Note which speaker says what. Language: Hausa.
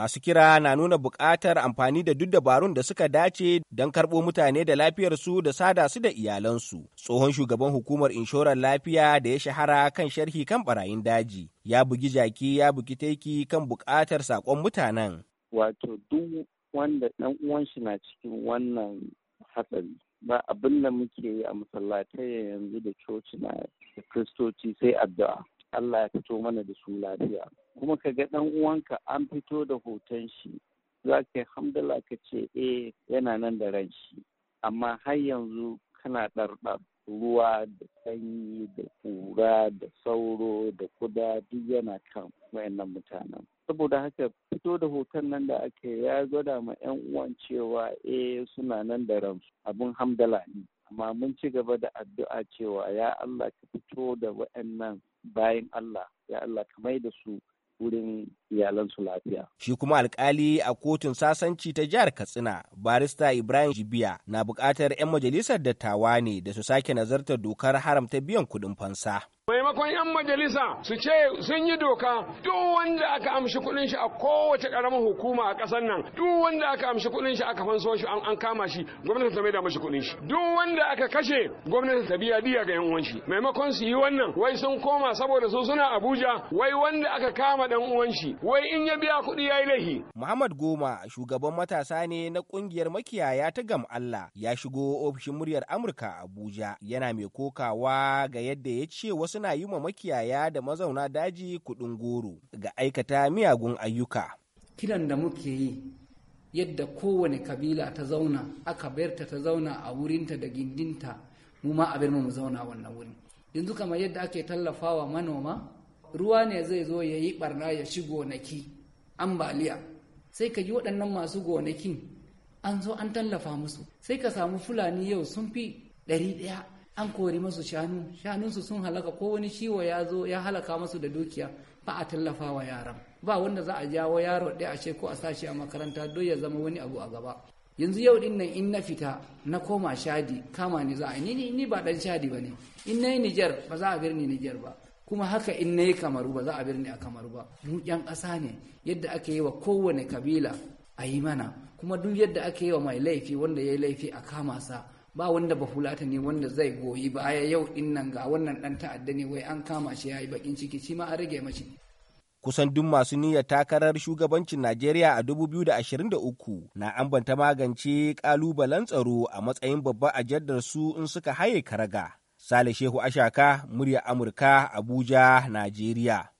Speaker 1: Masu kira na nuna buƙatar amfani da duk dabarun da suka dace don karɓo mutane da lafiyarsu da sada su da iyalansu. Tsohon shugaban hukumar inshorar lafiya da ya shahara kan sharhi kan barayin daji. Ya bugi jaki ya bugi teki kan buƙatar saƙon mutanen.
Speaker 2: Wato duk wanda ɗan uwan shi na cikin wannan hatsari. Ba abin da muke yi a masallatai yanzu da cocina da kristoci sai addu'a. Allah ya fito mana da su lafiya kuma ka ga dan uwanka an fito da hoton shi za ka yi hamdala ka ce eh yana nan da ran shi amma har yanzu kana ɗarɗar ruwa da sanyi da ƙura da sauro da kuda duk yana kan wayannan mutanen saboda haka fito da hoton nan da aka ya gwada ma 'yan uwan cewa eh suna nan da ransu abin hamdala ne amma mun ci gaba da addu'a cewa ya Allah ka fito da wayannan bayan Allah ya Allah ka mai da su wurin iyalansu lafiya.
Speaker 1: Shi kuma alkali a kotun sasanci ta jihar Katsina, barista Ibrahim Jibiya na buƙatar 'yan majalisar dattawa ne da su sake nazartar dokar haramta biyan kuɗin fansa.
Speaker 3: sakamakon 'yan majalisa su ce sun yi doka duk wanda aka amshi kuɗin shi a kowace ƙaramin hukuma a kasar nan duk wanda aka amshi kuɗin shi aka fanso shi an kama shi gwamnati ta maida mashi kuɗin shi duk wanda aka kashe gwamnati ta biya diya ga 'yan uwan shi maimakon su yi wannan wai sun koma saboda su suna Abuja wai wanda aka kama dan uwan shi wai in ya biya kuɗi yayi
Speaker 1: lahi Muhammad Goma shugaban matasa ne na kungiyar makiyaya ta Gam Allah ya shigo ofishin muryar Amurka Abuja yana mai kokawa ga yadda ya ce wasu na yi ma makiyaya da mazauna daji kuɗin goro ga aikata miyagun ayyuka. Kiran da muke yi yadda
Speaker 4: kowane kabila ta zauna aka bayar ta zauna a wurinta da gindinta mu ma a bar mu zauna wannan wurin. Yanzu kamar yadda ake tallafawa manoma ruwa ne zai zo ya yi barna ya ci gonaki ambaliya sai ka yi waɗannan masu gonakin an zo an tallafa musu sai ka samu fulani yau sun fi ɗari ɗaya an kori masu shanu shanunsu sun halaka ko wani ciwo ya zo ya halaka masu da dukiya ba a tallafa wa yaran ba wanda za a jawo yaro ɗaya a ce ko a sashi a makaranta don ya zama wani abu a gaba yanzu yau din nan in na fita na koma shadi kama ni za a ni ni ba dan shadi ba ne in na yi nijar ba za a birni nijar ba kuma haka in na yi kamaru ba za a birni a kamaru ba mu yan ƙasa ne yadda aka yi wa kowane kabila a yi mana kuma duk yadda aka yi wa mai laifi wanda ya yi laifi a kama sa ba wanda ba hulata ne wanda zai goyi baya yau din nan ga wannan dan ta'adda ne wai an kama shi yayi bakin ciki shi ma an rage mashi
Speaker 1: kusan duk masu niyyar takarar shugabancin Najeriya a 2023 na ambanta magance kalubalen tsaro a matsayin babban ajandar su in suka haye karaga. Sale Shehu Ashaka, murya Amurka, Abuja, Najeriya.